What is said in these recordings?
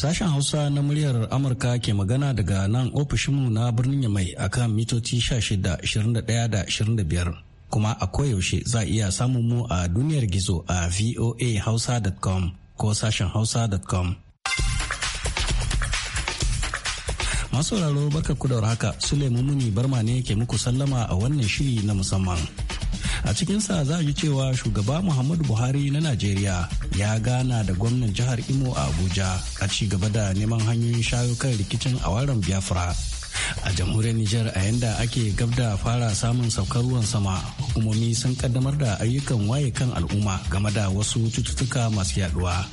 Sashen Hausa na muryar Amurka ke magana daga nan ofishinmu na birnin Yamai a kan mitoci 16, 21 da 25. kuma a koyaushe za iya samun mu a duniyar gizo a voahausa.com ko sashen hausa.com. Masu raro barka kudar haka Suleiman Muni Barma ne ke muku sallama a wannan shiri na musamman. a cikinsa za a ji cewa shugaba muhammadu buhari na najeriya ya gana da gwamnan jihar imo a abuja a ci gaba da neman hanyoyin shayo kan rikicin a waren biafra a jamhuriyar Nijar a yanda ake gab da fara samun saukar ruwan sama hukumomi sun kaddamar da ayyukan waye kan al'umma game da wasu cututtuka masu yaduwa.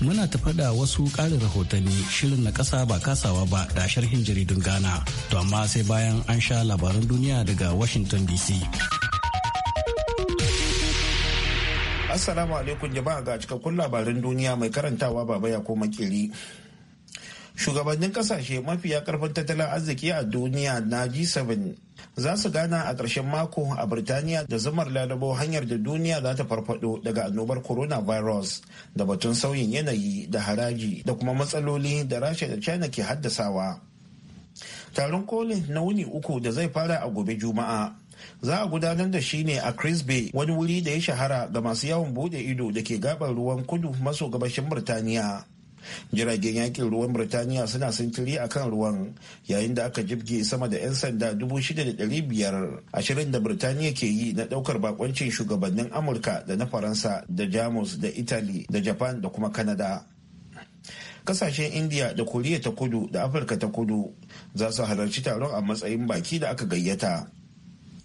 Muna tafa da wasu ƙarin rahotanni shirin na ƙasa ba kasawa ba da sharhin jaridun Ghana to amma sai bayan an sha labaran duniya daga Washington DC. Assalamu alaikum jama'a ga cikakkun labarin duniya mai karantawa baba ya koma kiri. Shugabannin kasashe mafiya karfin tattalin arziki a duniya na G7 za su gana a ƙarshen mako a Birtaniya da zumar lalabo hanyar da duniya za ta farfado daga annobar coronavirus da batun sauyin yanayi da haraji da kuma matsaloli da Rasha da China ke haddasawa. Taron kolin na wuni uku da zai fara a gobe Juma'a. za a gudanar da shi ne a Crisby wani wuri da ya shahara ga masu yawon bude ido da ke gabar ruwan kudu maso gabashin Birtaniya. Jiragen yakin ruwan Birtaniya suna sintiri a kan ruwan yayin da aka jibge sama da 'yan sanda 6,500 ashirin da Birtaniya ke yi na daukar bakoncin shugabannin Amurka da na Faransa da Jamus da Italy da Japan da kuma Kanada. kasashen india da koriya ta kudu da afirka ta kudu za su halarci taron a matsayin baki da aka gayyata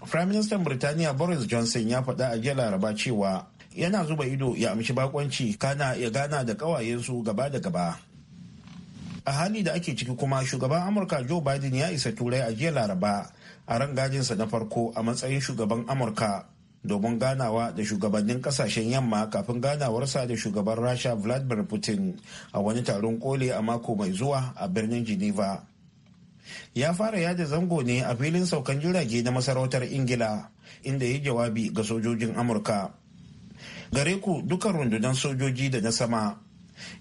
Prime Minister Birtaniya Boris Johnson ya faɗa a jiya Laraba cewa yana zuba ido ya amshi bakonci kana ya gana da kawayensu gaba da gaba. A hali da ake ciki kuma shugaban Amurka Joe Biden ya isa turai a jiya Laraba a rangajinsa na farko a matsayin shugaban Amurka domin ganawa da shugabannin kasashen yamma kafin ganawarsa da shugaban Rasha Vladimir Putin a wani taron kole a mako mai zuwa a birnin Geneva. ya fara yada zango ne a filin saukan jirage na masarautar ingila inda ya jawabi ga sojojin amurka gare ku dukan rundunan sojoji da na sama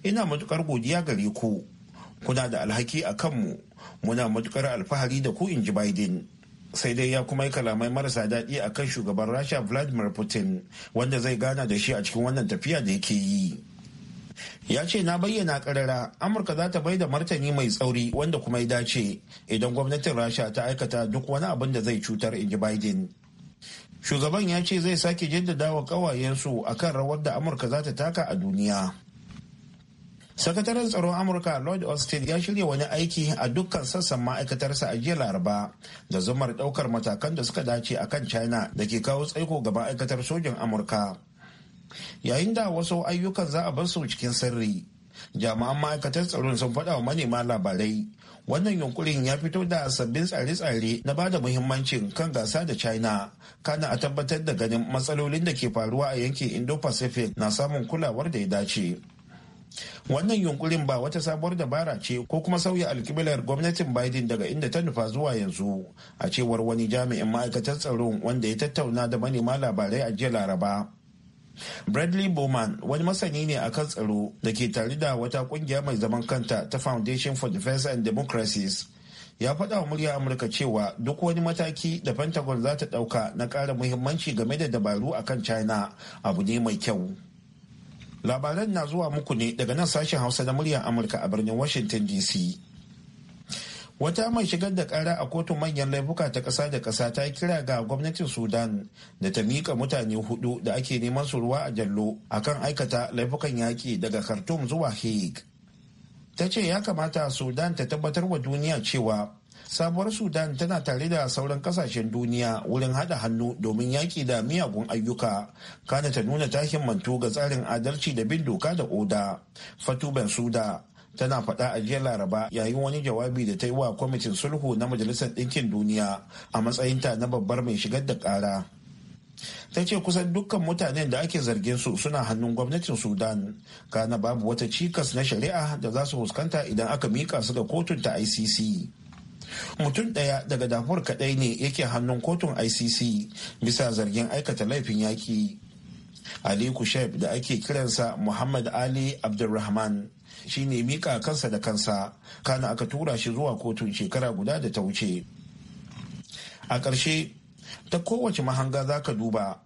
ina matukar godiya gare ku kuna da alhaki a kanmu muna matukar alfahari da ku in ji biden sai dai ya kuma yi kalamai marasa daɗi a kan shugaban rasha vladimir putin wanda zai gana da shi a cikin wannan tafiya da yake yi ya ce na bayyana karara amurka za ta bai da martani mai tsauri wanda kuma ya dace idan gwamnatin rasha ta aikata duk wani abin da zai cutar inji biden shugaban ya ce zai sake jaddada wa kawayensu kan rawar da amurka za ta taka a duniya sakataren tsaron amurka lord austin ya shirya wani aiki a dukkan sassan ma'aikatarsa a jiya laraba da zumar daukar matakan da suka dace akan china da ke kawo tsaiko ga ma'aikatar sojin amurka yayin da wasu ayyukan za a bar su cikin sirri jami'an ma'aikatar tsaron sun faɗa wa manema labarai wannan yunkurin ya fito da sabbin tsare-tsare na ba da muhimmancin kan gasa da china kana a tabbatar da ganin matsalolin da ke faruwa a yankin indo-pacific na samun kulawar da ya dace wannan yunkurin ba wata sabuwar dabara ce ko kuma sauya alkiblar gwamnatin biden daga inda ta nufa zuwa yanzu a cewar wani jami'in ma'aikatar tsaron wanda ya tattauna da manema labarai a jiya laraba Bradley Bowman wani masani ne a kan tsaro da ke tare da wata kungiya mai zaman kanta ta Foundation for Defense and Democracies. Ya faɗa wa murya Amurka cewa duk wani mataki da Pentagon za ta ɗauka na ƙara muhimmanci game da dabaru a kan China abu ne mai kyau. Labaran na zuwa muku ne daga nan sashen Hausa na muryar Amurka a birnin Washington DC. wata mai shigar da kara a kotun manyan laifuka ta ƙasa da ƙasa ta kira ga gwamnatin sudan da ta miƙa mutane hudu da ake neman su ruwa a jallo akan aikata laifukan yaƙi daga khartoum zuwa hague ta ce ya kamata sudan ta tabbatar wa duniya cewa sabuwar sudan tana tare da sauran kasashen duniya wurin hada hannu domin yaƙi da miyagun ayyuka kana ta nuna ta himmantu ga tsarin adalci da bin doka da oda fatu suda tana faɗa a jiya laraba yayin wani jawabi da ta yi wa kwamitin sulhu na majalisar ɗinkin duniya a matsayinta na babbar mai shigar da ƙara ta ce kusan dukkan mutanen da ake zargin su suna hannun gwamnatin sudan kana babu wata cikas na shari'a da za su fuskanta idan aka mika su ga kotun ta icc mutum ɗaya daga damuwar kaɗai ne yake hannun kotun icc bisa zargin aikata laifin yaƙi ali kushef da ake kiransa muhammad ali abdulrahman shine mika kansa da kansa kana aka tura shi zuwa kotun shekara guda da ta wuce a ƙarshe ta kowace mahanga za ka duba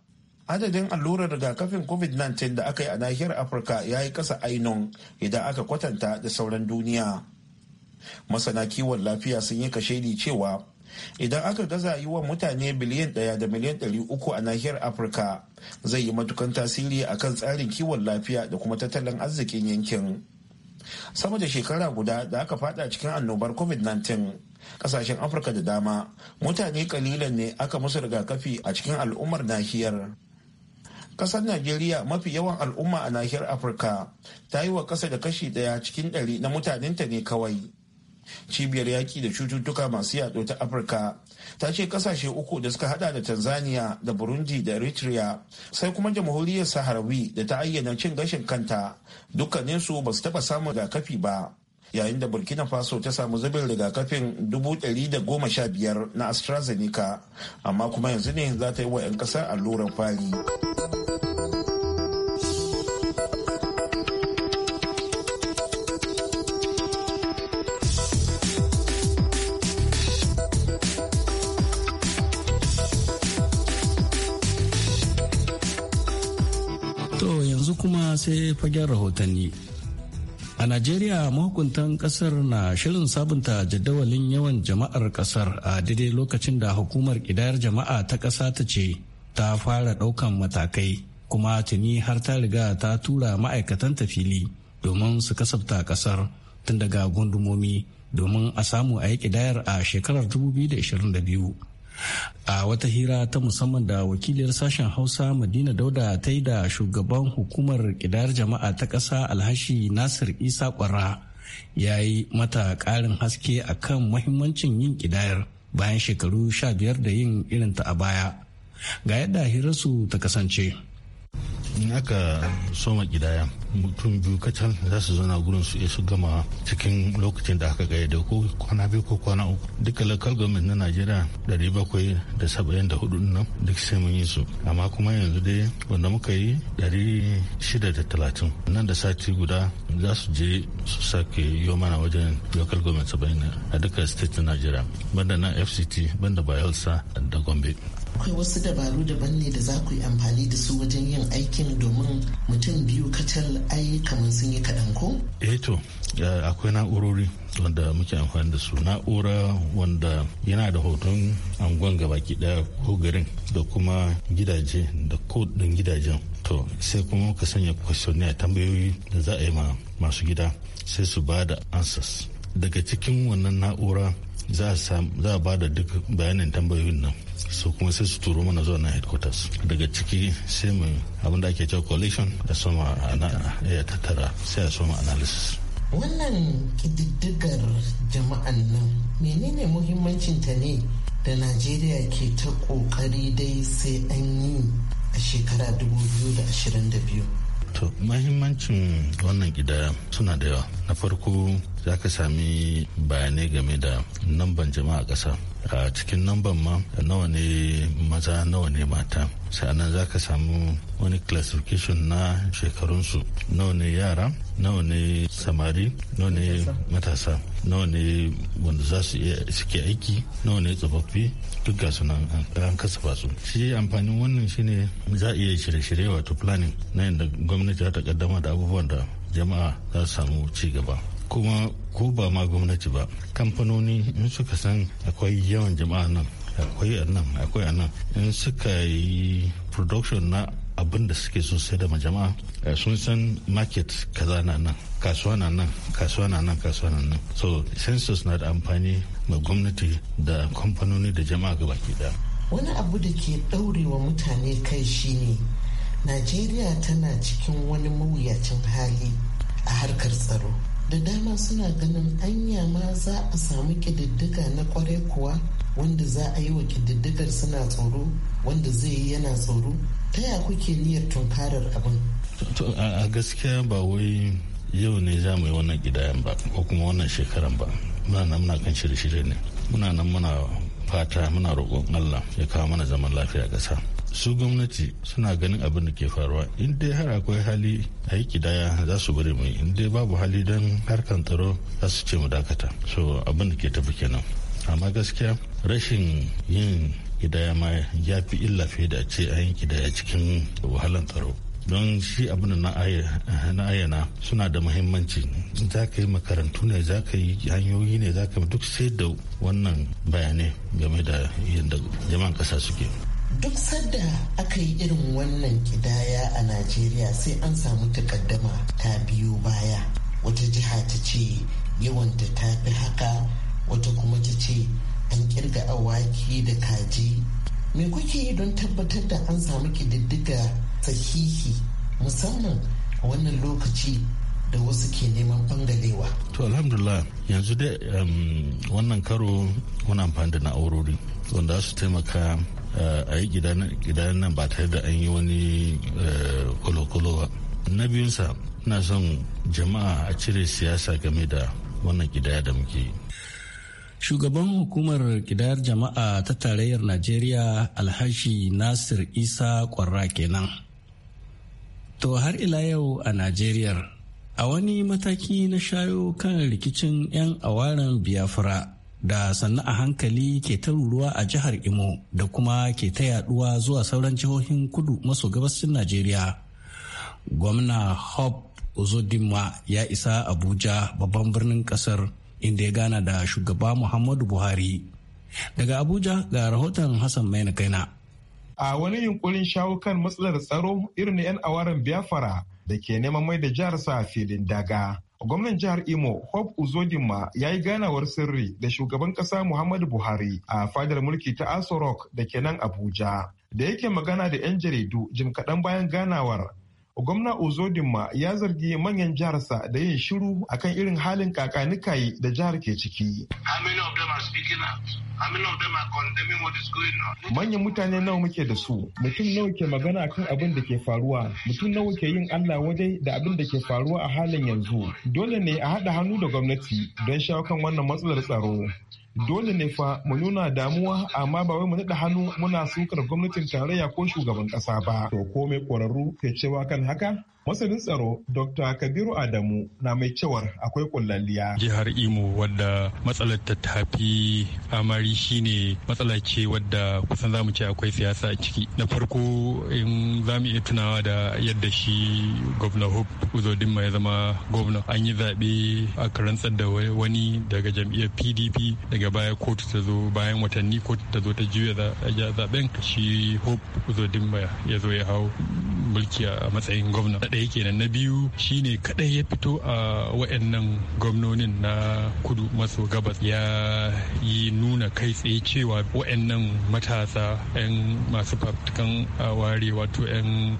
adadin allurar rigakafin covid-19 da aka yi a nahiyar afirka ya yi ƙasa ainun idan aka kwatanta da sauran duniya masana kiwon lafiya sun yi kashedi cewa idan aka gaza yi wa mutane biliyan ɗaya da miliyan ɗari uku a nahiyar afirka zai yi matukan tasiri akan tsarin kiwon lafiya da kuma tattalin arzikin yankin sama da shekara guda da aka fada cikin annobar covid-19 kasashen afirka da dama mutane kalilan ne aka musu rigakafi a cikin al'ummar nahiyar kasar najeriya mafi yawan al'umma a nahiyar afirka ta yi wa kasa da kashi daya cikin ɗari na mutanenta ne kawai cibiyar yaƙi da cututtuka masu yaɗo ta afirka ta ce kasashe uku da suka hada da tanzania da burundi da eritrea sai kuma jamhuriyar saharawi da ta ayyana cin gashin kanta dukkaninsu ba su taɓa samun rigakafi ba yayin da burkina faso ta samu zubin rigakafin dubu da goma sha biyar na astrazeneca amma kuma yanzu ne za ta yi wa 'yan kasar alluran fari. yanzu kuma sai fagen rahotanni a najeriya mahukuntan kasar na shirin sabunta jadawalin yawan jama'ar kasar a daidai lokacin da hukumar kidayar jama'a ta kasa ta ce ta fara ɗaukan matakai kuma tuni har ta riga ta tura ma'aikatan ta fili domin su kasafta kasar tun daga gundumomi domin a samu a yi kidayar a shekarar 2022 a wata hira ta musamman da wakiliyar sashen hausa madina dauda ta yi da shugaban hukumar kidar jama'a ta ƙasa alhashi nasir isa kwara ya yi mata ƙarin haske a kan mahimmancin yin kidayar bayan shekaru sha biyar da yin irinta a baya ga yadda hirarsu ta kasance in aka soma gidaya mutum biyu kacal za su zauna gurin su su gama cikin lokacin da aka da ko kwana biyu ko kwana uku duka local government na najeriya da bakwai da saba'in da hudu nan duk sai mun yi su amma kuma yanzu dai wanda muka yi dari shida da talatin nan da sati guda za su je su sake yi mana wajen local government saba'in a duka state na najeriya banda na fct banda bayelsa da gombe akwai wasu dabaru daban ne da za ku yi amfani da su wajen yin aikin domin mutum biyu kacal ai kamar sun yi kaɗan ko? eh to akwai na'urori wanda muke amfani da su na'ura wanda yana da hoton angon ki ɗaya ko garin da kuma gidaje da kodin gidajen to sai kuma ka sanya questionnaire tambayoyi da za a yi ma masu gida sai su ba da ansas daga cikin wannan na'ura za a ba da duk bayanin tambayoyin nan su kuma sai su turo mana zuwa na headquarters daga ciki sai mu abinda ake cewa collection da soma ya eh, tattara sai a soma analysis wannan kididdigar jama'an nan menene ta ne da najeriya ke ta kokari dai sai an yi a shekara 2022 to mahimmancin wannan gida suna da yawa na farko za ka sami bayanai game da namban jama'a ƙasa a cikin namban ma nawa ne maza nawa ne mata sannan za ka samu wani classification na shekarunsu nawa ne yara nawa ne samari nawa ne matasa nawa ne wanda za su suke aiki nawa ne tsofaffi duk ga su nan an kasafa su shi amfanin wannan shine za a iya shirye-shirye wato planning na yadda gwamnati za ta kaddama da abubuwan da jama'a za su samu ci gaba kuma ko ba ma gwamnati ba kamfanoni in suka san akwai yawan jama'a nan akwai nan akwai nan in suka yi production na abin da suke so sai da jama'a eh, sun san market kaza na nan kasuwa na nan kasuwa na nan kasuwa na nan so census na da amfani ma gwamnati da kamfanoni da jama'a ga baki da wani abu da ke ɗaurewa mutane kai shine najeriya tana cikin wani mawuyacin hali a harkar tsaro da dama suna ganin anya ma za a samu kididdiga na kwarai kuwa wanda za a yi wa kididdigar suna tsoro wanda zai yi yana tsoro ta ya kuke niyyar tunkarar abin a gaskiya ba wai yau ne za mu yi wannan gidayen ba ko kuma wannan shekaran ba muna nan muna kan shirye-shirye ne muna nan muna fata muna roƙon allah ya kawo mana zaman lafiya ƙasa su gwamnati suna ganin abin da ke faruwa in dai har akwai hali a yi kidaya za su bari mu in dai babu hali don harkan tsaro za su ce mu dakata so abin da ke tafi kenan amma gaskiya rashin yin kidaya ma ya fi illa fiye da ce a yin kidaya cikin wahalan tsaro don shi abin na ayyana suna da muhimmanci za ka yi makarantu ne za ka yi hanyoyi ne za ka duk sai da wannan bayanai game da yadda jama'an ƙasa suke duk sadda aka yi irin wannan kidaya a najeriya sai an samu takaddama ta biyo baya wata jiha ta ce yawanta ta fi haka wata kuma ta ce an kirga awaki da kaji me kuke yi don tabbatar da an samu kididdiga sahihi musamman a wannan lokaci da wasu ke neman bangalewa. To alhamdulillah yanzu dai um, wannan karo wani amfani da na'urori wanda su taimaka a yi gidan nan ba tare da an yi wani eh, kolokolo ba na biyunsa ina son jama'a a cire siyasa game da wannan gidaya da muke shugaban hukumar kidayar jama'a ta tarayyar najeriya alhashi nasir isa kwarra kenan to har ila yau a najeriyar a wani mataki na shayo kan rikicin 'yan awaren biafra da sannu a hankali ke ta ruruwa a jihar Imo da kuma ke ta yaduwa zuwa sauran jihohin kudu maso gabashin Najeriya. Gwamna Hope Uzodinma ya isa Abuja babban birnin kasar inda ya gana da shugaba Muhammadu Buhari. Daga Abuja ga rahoton Hassan mai Maina Kaina. A wani yunkurin shawo kan matsalar tsaro irin 'yan awaren Biafra da ke neman mai da jihar filin daga. gwamnan jihar imo hope uzodinma ya yi ganawar sirri da shugaban kasa muhammadu buhari a fadar mulki ta aso rock da ke nan abuja da yake magana da 'yan jaridu jim kaɗan bayan ganawar Gwamna Ozodinma ya zargi manyan jiharsa da yin shiru akan irin halin kakanikaye da jihar ke ciki. Manyan mutane nawa muke da su, mutum nawa ke magana akan abin da ke faruwa, mutum nawa ke yin Allah wadai da abin da ke faruwa a halin yanzu. Dole ne a haɗa hannu da gwamnati don shawo kan wannan matsalar tsaro. dole ne fa mu nuna damuwa amma ba wai mu naɗa hannu muna sukar gwamnatin tarayya ko shugaban ƙasa ba to ko mai ƙwararru ke cewa kan haka masanin tsaro dr kabiru adamu na mai cewar akwai kullalliya jihar imo wadda matsalar ta tafi amari shine matsala ce wadda kusan zamu ce akwai siyasa a ciki na farko in zamu iya tunawa da yadda shi gwamna hope uzodinma ya zama gwamna an yi zaɓe a karantsar da wani daga jam'iyyar pdp daga baya kotu ta zo bayan watanni kotu ta zo ta juya zaɓen shi hope uzodinma ya zo ya hau mulki a matsayin gwamna ɗaya kenan na biyu shine kadai ya fito a wayannan gwamnonin na kudu maso gabas ya yi nuna kai tsaye cewa wayannan matasa 'yan masu fafutukan ware wato 'yan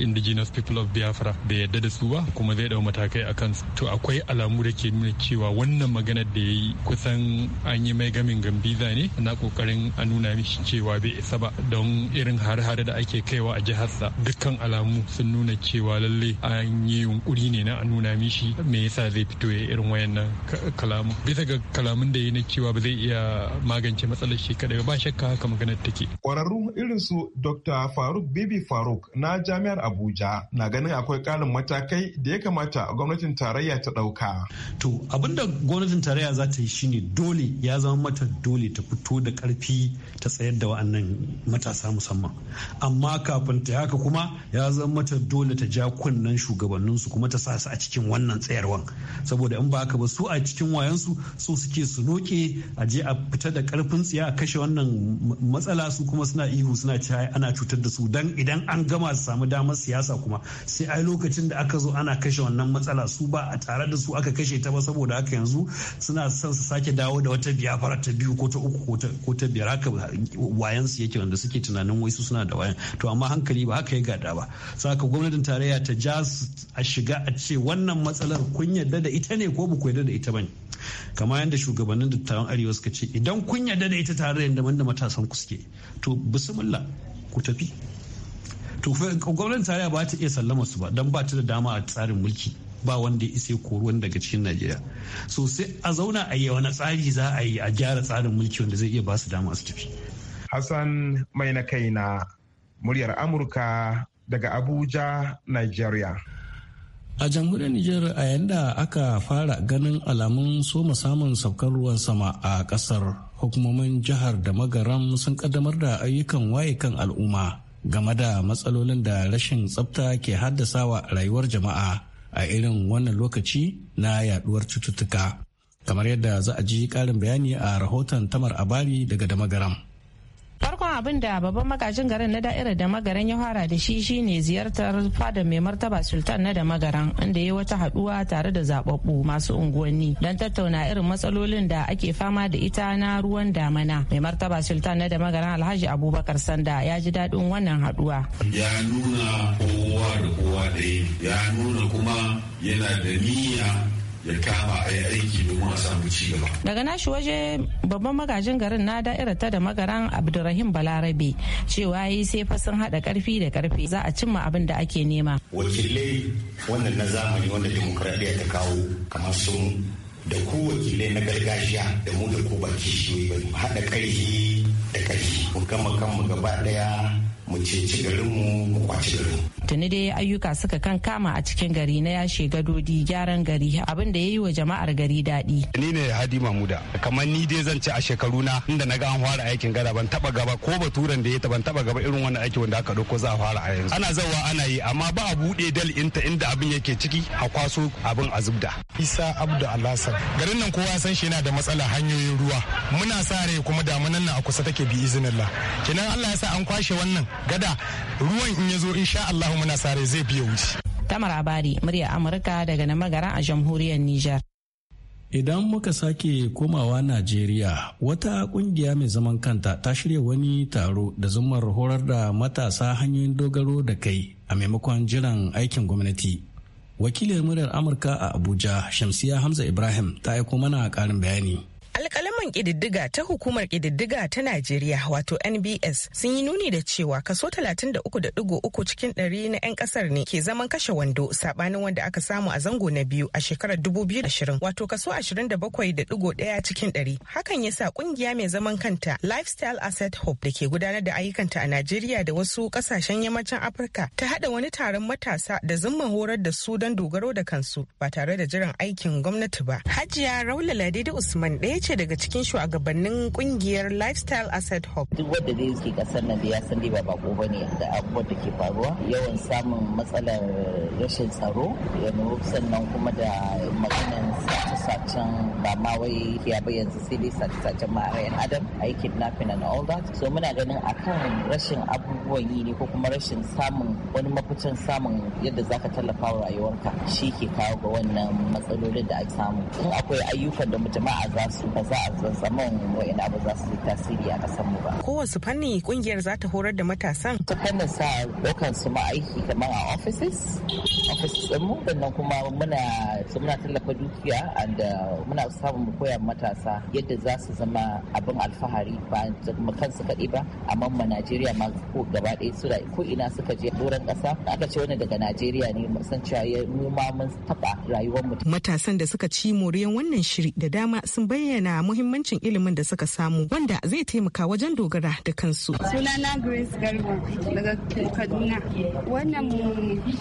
indigenous people of biafra bai yadda da su ba kuma zai dau matakai a kansu to akwai alamu da ke nuna cewa wannan maganar da ya yi kusan an yi mai gamin gambiza ne na kokarin a nuna mishi cewa bai isa ba don irin har-hare da ake kaiwa a jiharsa dukkan alamu sun nuna cewa cewa lalle an yi yunkuri ne na nuna mishi me yasa zai fito ya irin wayannan kalamu bisa ga kalamun da ya na cewa ba zai iya magance matsalar shi kadai ba shakka haka maganar take kwararru irin su dr faruk bibi faruk na jami'ar abuja na ganin akwai karin matakai da ya kamata gwamnatin tarayya ta dauka to abinda gwamnatin tarayya za ta yi shine dole ya zama mata dole ta fito da karfi ta tsayar da wa'annan matasa musamman amma kafin ta haka kuma ya zama mata dole ta ja kunnen su kuma ta sa su a cikin wannan tsayarwan saboda in ba haka ba su a cikin wayansu so suke su noke a je a fita da karfin tsiya a kashe wannan matsala su kuma suna ihu suna cewa ana cutar da su dan idan an gama su samu damar siyasa kuma sai ai lokacin da aka zo ana kashe wannan matsala su ba a tare da su aka kashe ta ba saboda haka yanzu suna son su sake dawo da wata biyafara ta biyu ko ta uku ko ta biyar haka wayansu yake wanda suke tunanin wai su suna da wayan to amma hankali ba haka ya gada ba saka gwamnatin tarayya tarayya ta ja a shiga a ce wannan matsalar kun yarda da ita ne ko ba ku yarda da ita ba kamar yadda shugabannin dattawan arewa suka ce idan kun yarda da ita tarayyar da wanda matasan ku suke to bismillah ku tafi to gwamnatin tarayya ba ta iya sallama su ba don ba ta da dama a tsarin mulki ba wanda ya isa koruwan daga cikin najeriya so sai a zauna a yi wani tsari za a yi a gyara tsarin mulki wanda zai iya ba su dama su tafi hassan mai na kai na muryar amurka daga Abuja, Nigeria. A jamhuriyar Nijar a yanda aka fara ganin alamun soma samun saukar ruwan sama a kasar hukumomin jihar da magaram sun kaddamar da ayyukan waye kan al'umma game da matsalolin da rashin tsafta ke haddasa wa rayuwar jama'a a irin wannan lokaci na yaduwar cututtuka. Kamar yadda za a ji karin bayani a rahoton tamar abari daga da magaram. farkon abin da babban magajin garin na da'irar da magaran ya fara da shi shine ziyartar fada mai martaba sultan na da magaran inda ya wata haduwa tare da zababbu masu unguwanni don tattauna irin matsalolin da ake fama da ita na ruwan damana mai martaba sultan na da magaran alhaji abubakar sanda ya ji daɗin wannan haduwa ya nuna kowa da kowa ɗaya ya nuna kuma yana da niyya ya kama a yi aiki domin a samu ci gaba. Daga nashi waje babban magajin garin na da'irar ta da magaran Abdulrahim Balarabe cewa yi sai fa sun haɗa karfi da karfe za a cimma abin da ake nema. Wakilai wannan na zamani wanda demokradiyya ta kawo kamar sun da ku wakilai na gargajiya da mu da ku ba kishiyoyi ba haɗa karfi da karfi mu gama kanmu gaba ɗaya mu ceci garinmu mu kwaci garinmu. tuni dai ayyuka suka kan kama a cikin gari na yashe gadodi gyaran gari abin da ya yi wa jama'ar gari daɗi. ni ne hadi mamuda kamar ni dai zan ci a shekaru na inda na ga an fara aikin gada ban taba gaba ko baturen da ya ta ban taba gaba irin wannan aiki wanda aka ɗauko za a fara a yanzu ana zawa ana yi amma ba a buɗe dal inta inda abin yake ciki a kwaso abin a zubda. isa abdu alhassan garin nan kowa san shi yana da matsala hanyoyin ruwa muna sa rai kuma damunan nan a kusa take bi izinillah kenan allah ya sa an kwashe wannan gada ruwan in ya zo insha allah kuma muna sare zai biya wuce. Tamar Abari, murya Amurka daga magara a jamhuriyar Nijar. Idan muka sake komawa Najeriya, wata kungiya mai zaman kanta ta shirya wani taro da zumar horar da matasa hanyoyin dogaro da kai a maimakon jiran aikin gwamnati. Wakilin muryar Amurka a Abuja, Shamsiya Hamza Ibrahim ta aiko mana karin bayani. alkalaman ƙididdiga ta hukumar ƙididdiga ta najeriya wato nbs sun yi nuni da cewa kaso 33.3 cikin 100 na 'yan ƙasar ne ke zaman kashe wando saɓani wanda aka samu a zango na biyu a shekarar 2020 wato kaso 27.1 cikin 100 hakan yasa ƙungiya mai zaman kanta lifestyle asset hub da ke gudanar da ayyukanta a najeriya da wasu ƙasashen yammacin afirka ta haɗa wani taron matasa da zumman horar da su don dogaro da kansu ba tare da jiran aikin gwamnati ba hajiya raula da usman ɗaya ce daga cikin shugabannin kungiyar Lifestyle Asset Hub. Duk wanda zai yake kasar nan da ya san ba bako bane da abubuwan da ke faruwa yawan samun matsalar rashin tsaro yanzu sannan kuma da maganan sace-sacen ba ma wai ya ba sai dai sace-sacen ma'arayan adam a yi kidnapping and all that. So muna ganin akan rashin abubuwan yi ne ko kuma rashin samun wani mafucin samun yadda zaka tallafa wa rayuwarka shi ke kawo ga wannan matsalolin da ake samu. In akwai ayyukan da jama'a za su ba za a samu wa'in abu za su yi tasiri a kasar mu ba. Kowace fanni kungiyar za ta horar da matasan. Ta fannin sa dukkan su ma aiki kamar a offices, offices din mu sannan kuma muna muna tallafa dukiya and uh, muna samun mu koya matasa yadda za su zama abin alfahari ba mu kansu kaɗai ba amma ma Najeriya ma ko gaba ɗaya su ko ina suka je doron ƙasa aka ce wani daga Najeriya ne mu san cewa mu ma mun taɓa rayuwar mu. Matasan da suka ci moriyan wannan shiri da dama sun bayyana bayyana muhimmancin ilimin da suka samu wanda zai taimaka wajen dogara da kansu. Sunana Grace Garba daga Kaduna. Wannan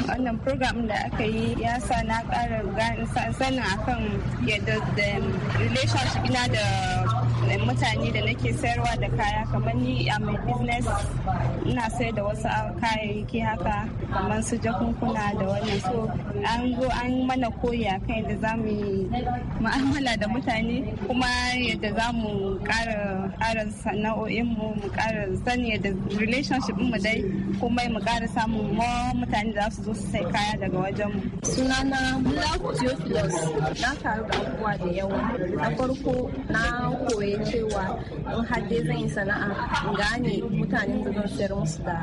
wannan program da aka yi ya sa na ƙara sanin akan yadda relationship ina da Eh, mutane da nake sayarwa da kaya kamar ni a mai business ina sayar da wasu kayayyaki haka kamar su jakunkuna da wannan so an zo an mana koya kan yadda za mu yi mu'amala da mutane kuma yadda za mu kara kara sana'o'inmu mu kara sani yadda relationship mu dai kuma mu kara samun more mutane da za su zo su sai kaya daga wajen mu. Sunana Black Theophilus na karu da abubuwa da yawa. Na farko na koyi dai cewa in har dai zan yi sana'a in gane mutanen da zan sayar musu da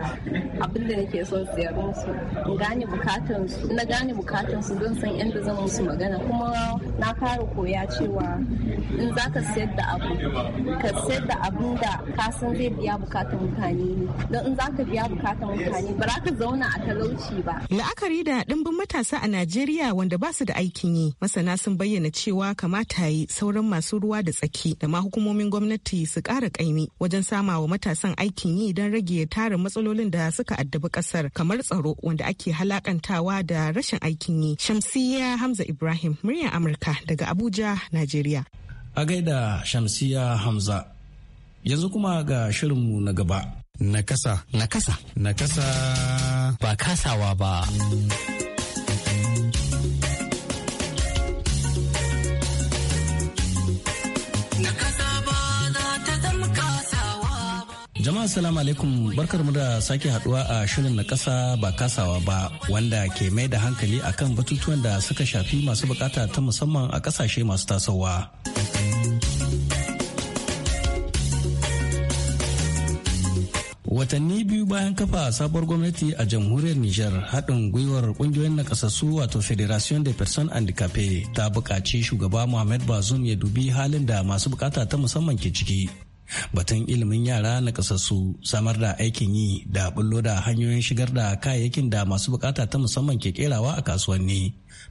abin da nake son sayar musu in gane bukatun su na gane bukatun su zan san inda zan musu magana kuma na fara koya cewa in zaka sayar da abu ka sayar da abin da ka san zai biya bukatun mutane ne don in zaka biya bukatun mutane ba za ka zauna a talauci ba la'akari da dimbin matasa a najeriya wanda ba su da aikin yi masana sun bayyana cewa kamata yi sauran masu ruwa da tsaki da ma hukumar hukumomin gwamnati su ƙara ƙaimi wajen sama wa matasan aikin yi don rage tarin matsalolin da suka addabi ƙasar kamar tsaro wanda ake halakantawa da rashin aikin yi. Shamsiyya Hamza Ibrahim, muryar Amurka daga Abuja, Najeriya. A gaida Shamsiyya Hamza. Yanzu kuma ga shirinmu na gaba. Nakasa. Nakasa. Nakasa. Ba kasawa ba. Jama'a salamu alaikum barkar mu da sake haduwa a shirin na kasa ba kasawa ba wanda ke mai da hankali akan batutuwan da suka shafi masu bukata ta musamman a kasashe masu tasowa. watanni biyu bayan kafa sabuwar gwamnati a jamhuriyar niger haɗin gwiwar ƙungiyoyin nakasassu wato Federation de person cafe ta buƙaci shugaba Mohamed Bazoum ya dubi halin da masu bukata ta musamman ke ciki batun ilimin yara na kasassu samar da aikin yi da bullo da hanyoyin shigar da kayayyakin da masu bukata ta musamman ke kerawa a kasuwanni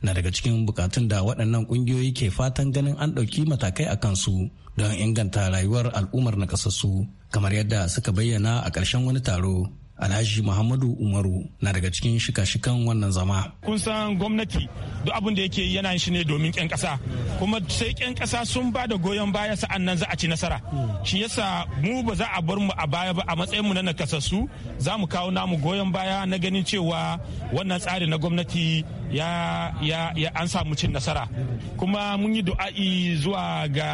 na daga cikin bukatun da waɗannan ƙungiyoyi ke fatan ganin an ɗauki matakai a kansu don inganta rayuwar al'ummar na kasassu kamar yadda suka bayyana a ƙarshen wani taro Alhaji Muhammadu Umaru na daga cikin shika-shikan wannan zama. Kun san gwamnati duk abin da yake yana shi ne domin ƙyan ƙasa. Kuma sai ƙyan ƙasa sun ba da goyon baya sa'an nan za a ci nasara. Shi yasa mu ba za a bar mu a baya ba a matsayin mu na nakasassu za mu kawo namu goyon baya na ganin cewa wannan tsari na gwamnati ya ya ya an samu cin nasara. Kuma mun yi du'a'i zuwa ga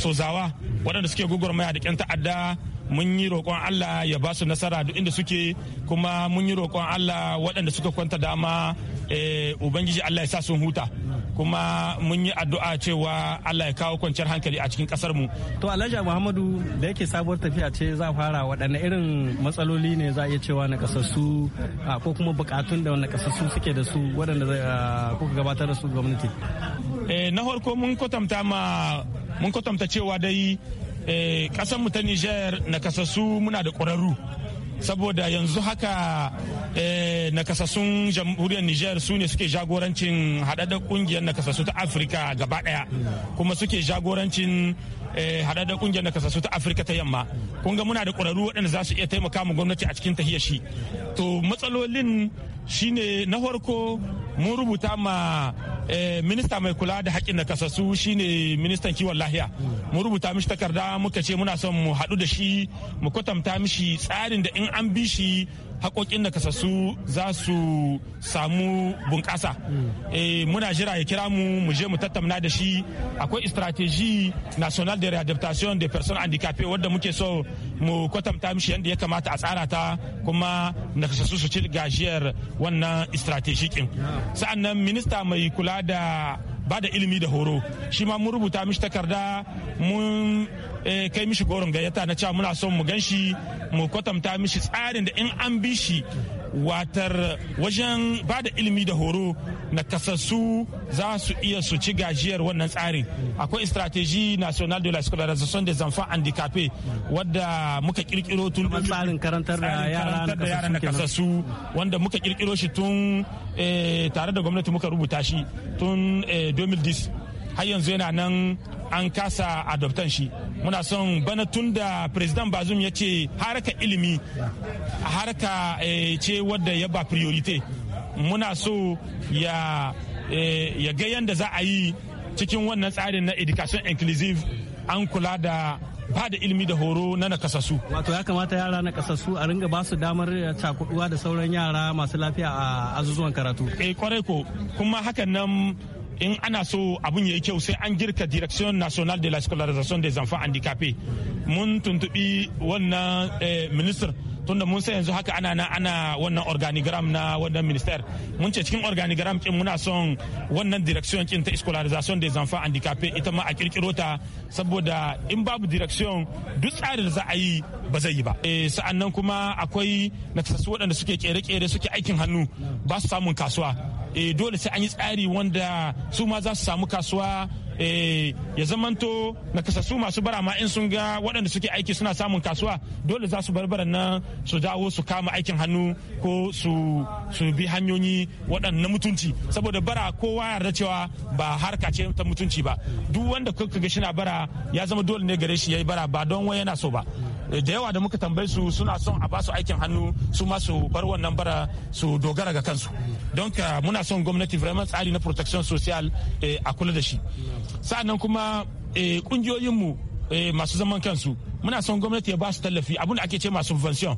sozawa waɗanda suke gwagwarmaya da ƙyan ta'adda mun yi roƙon Allah ya ba su nasara duk inda suke kuma mun yi roƙon Allah waɗanda suka kwanta dama eh, ubangiji Allah ya sa sun huta kuma mun yi addu'a cewa Allah ya kawo kwanciyar hankali a cikin ƙasar mu to Alhaji Muhammadu da yake sabuwar tafiya ce za fara waɗanne irin matsaloli ne za a iya cewa na kasassu ko kuma bukatun da wani kasassu suke da su waɗanda eh, kuka gabatar da su gwamnati eh, na farko mun kwatanta ma mun kwatanta cewa dai Eh, kasan mu ta na nakasassu muna da ƙwararru saboda yanzu haka eh, nakasassun jamhuriyar Nijar su ne suke jagorancin haɗaɗɗen ƙungiyar nakasassu ta Afirka gaba ɗaya kuma suke jagorancin eh, haɗaɗɗen ƙungiyar nakasassu ta Afirka ta yamma kun ga muna da ƙwararru waɗanda za su iya taimaka mu gwamnati a cikin tahiyashi to matsalolin shine na farko mun rubuta ma eh, minista mai kula da haƙƙin nakasassu kasassu shine ministan kiwon lahiya mun rubuta mishi takarda muka ce muna son mu haɗu da shi mu kwatanta mishi tsarin da in an bi shi haƙoƙin nakasassu za su samu bunƙasa eh, muna jira ya kira mu mu je mu tattauna da shi akwai strategy national de réadaptation des personnes handicapées wadda muke so mu kwatanta mishi yadda ya kamata a tsara ta kuma nakasassu su ci gajiyar wannan strategy kin sa'annan minista mai kula da ba da ilimi da horo shi ma mun rubuta mishi takarda mun eh, kai mishi goron gayyata na cewa muna son mu gan shi mu kwatanta mishi tsarin da in an bi shi watar wajen ba da ilimi da horo na kasassu za su iya su ci gajiyar wannan tsarin akwai strategy national de la scolarisation des enfants handicapés wadda muka kirkiro tun tsarin karantar da yara na kasassu wanda muka kirkiro shi tun eh, tare da gwamnati muka rubuta shi tun eh, 2010 har yanzu yana nan an kasa adoptan shi muna son bana tun da president bazum ya ce haraka ilimi haraka eh, ce wadda ya ba priorite muna so ya eh, ga yadda za a yi cikin wannan tsarin na education inclusive an kula da ba da ilimi da horo na nakasassu. Wato ya kamata yara na nakasassu a ringa ba su damar cakuduwa da sauran yara masu lafiya a azuzuwan karatu. Eh kwarai ko kuma hakan nan in ana so abun ya yi kyau sai an girka direction national de la scolarisation des enfants handicapés mun tuntubi wannan eh, minister tunda mun sai yanzu haka ana ana wannan organigram na wannan minister mun ce cikin organigram kin muna son wannan direction kin ta scolarisation des enfants handicapés ita ma a kirkiro ta saboda in babu direction duk tsarin da za a yi ba zai yi ba eh sa'annan kuma akwai nakasassu waɗanda suke kere-kere suke aikin hannu ba su samun kasuwa Eh, dole sai an yi tsari wanda su ma za su samu kasuwa eh, ya zamanto na su masu bara ma in sun ga waɗanda suke aiki suna samun kasuwa dole za su barbaran nan su dawo su kama aikin hannu ko su bi hanyoyi waɗanda na mutunci saboda bara kowa yarda cewa ba harka ce ta mutunci ba duk wanda kuka ga shi na bara ya zama dole ne gare shi ya yi bara ba don wai yana so ba da yawa da muka tambaye su suna son a basu aikin hannu su ma su bar wannan bara su dogara ga kansu don ka muna son gwamnati vraiment tsari na protection social eh, a kula da shi sa'annan kuma eh, kungiyoyinmu eh, masu zaman kansu muna son gwamnati ya ba su tallafi abin da ake ce ma subvention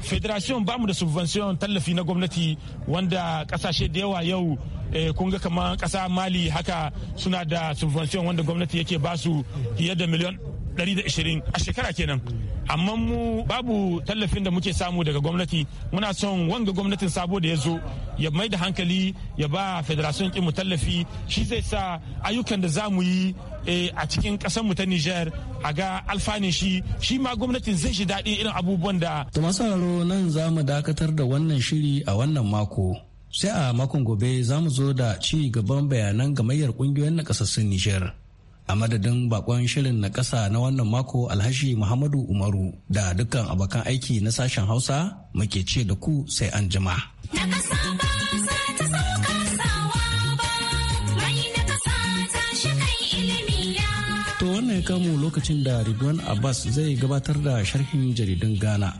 federation ba mu da subvention tallafi na gwamnati wanda kasashe da yawa yau eh, kun ga kamar kasa mali haka suna da subvention wanda gwamnati yake basu fiye da miliyan 120 a shekara kenan amma mu babu tallafin da muke samu daga gwamnati muna son wanga gwamnatin sabo da ya zo ya mai da hankali ya ba federation mu tallafi shi zai sa ayyukan da za mu yi eh, a cikin mu ta niger a ga alfanin shi shi ma gwamnatin zai shi daɗi irin abubuwan da. To masu nan za mu dakatar da wannan shiri a wannan mako. Sai a makon gobe za mu zo da ci gaban bayanan gamayyar ƙungiyoyin na ƙasassun Nijar. a madadin bakon shirin na ƙasa na wannan mako alhashi muhammadu umaru da dukkan abokan aiki na sashen hausa muke ce da ku sai an jima. To wannan ya kamu lokacin da Ridwan Abbas zai gabatar da sharhin jaridun Ghana.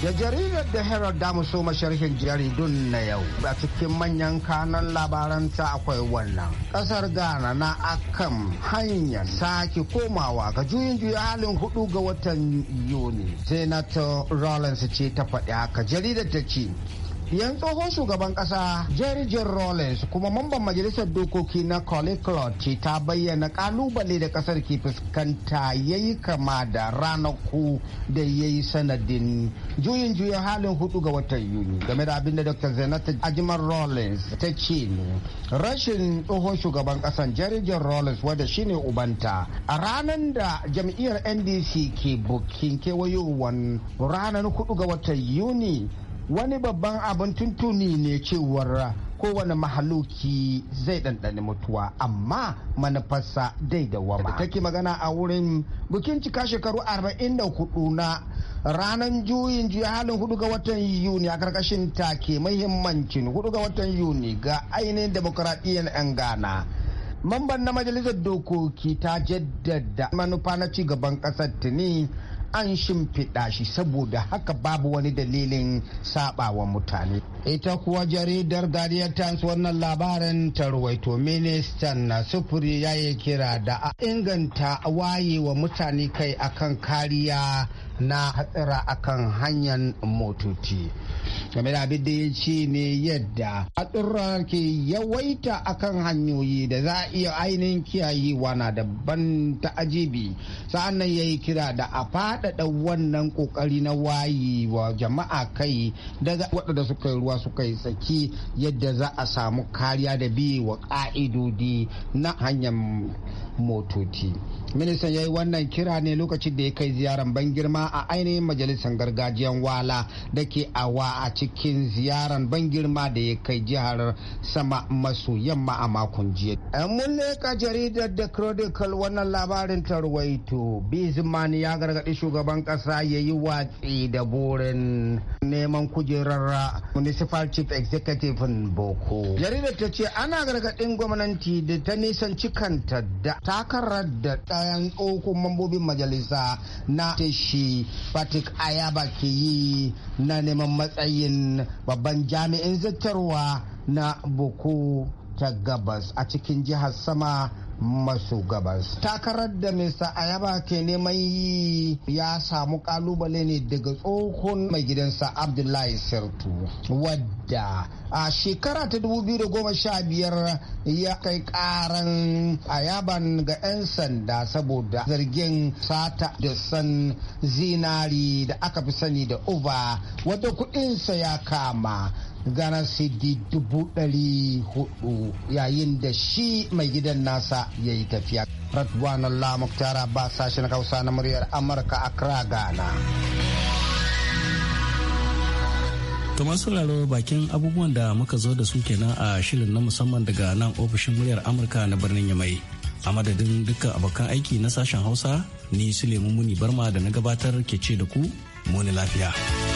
Da jaridar da Herald damu so masharhin jaridun na yau a cikin manyan kanan labaranta akwai wannan. Kasar Ghana na akan hanyar sake komawa ga juyin juya halin hudu ga watan Yuni. Senator Rawlins ce ta faɗi haka jaridar ta ce Yan tsohon shugaban kasa Jerry John Rawlings kuma mamban majalisar dokoki na Colleclot ce ta bayyana kalubale da kasar ke fuskanta ya yi kama da ranaku da ya yi sanadin juyin juyin halin hudu ga watan Yuni game da abin da Dr. Zainata Ajimar Rawlings ta ce ne rashin tsohon shugaban kasan Jerry rollins Rawlings wanda shine ubanta a ranar da jam'iyyar NDC ke bukin kewayowan ranar hudu ga watan Yuni wani babban abin tuntuni ne cewar kowane mahaluki zai ɗanɗani mutuwa amma manufarsa dai da wama take magana a wurin bikin cika shekaru 44 na ranar juyin juya halin hudu ga watan yuni a karkashin ke mahimmancin hudu ga watan yuni ga ainihin demokuraɗiyyar 'yan ghana mamban na majalisar dokoki ta jaddada manufa na cigaban gaban ƙasar tuni an shimfiɗa shi saboda haka babu wani dalilin wa mutane ita kuwa jaridar Guardian Times wannan labarin tarwaito ministan na sufuri ya yi kira da a inganta wayewa mutane kai akan kariya na hatsira akan hanyar motoci game da abin da ya ce ne yadda hatsira ke yawaita akan hanyoyi da za a iya ainihin kiyayewa na daban ta ajibi sa'an ya yi kira da a faɗaɗa wannan ƙoƙari na wayi wa jama'a kai daga waɗanda suka yi ruwa suka yi tsaki yadda za a samu kariya da biye wa ƙa'idodi na hanyar motoci ministan ya yi wannan kira ne lokacin da ya kai ziyaran ban girma a ainihin majalisar gargajiyan wala da ke awa a cikin ziyaran ban girma da ya kai jihar sama maso yamma a makon jiya mun leka jaridar da chronicle wannan labarin tarwaito bizman ya gargaɗi shugaban ƙasa ya yi watsi da burin neman kujerar municipal chief executive boko jaridar ta ce ana gargaɗin gwamnati da ta nisanci cikanta da takarar da bayan uku mambobin majalisa na tashi patrick ayaba ke yi na neman matsayin babban jami'in zartarwa na boko ta gabas a cikin jihar sama masu gabas takarar da mr ayaba ke neman yi ya samu kalubale ne daga tsohon mai gidansa abdullahi sirtu wadda a shekara ta 2015 ya kai karan ayaban ga 'yan sanda saboda zargin sata da san zinari da aka fi sani da uva wadda kudinsa ya kama ghana sidi dubu ɗari hudu yayin da shi mai gidan nasa ya yi tafiya radwan allah ba sashen hausa na muryar amurka accra ghana To masu sauraro bakin abubuwan da muka zo da su kenan a shirin na musamman daga nan ofishin muryar Amurka na birnin Yamai. A madadin dukkan abokan aiki na sashen Hausa, ni Suleiman Muni Barma da na gabatar ke ce da ku, muni lafiya.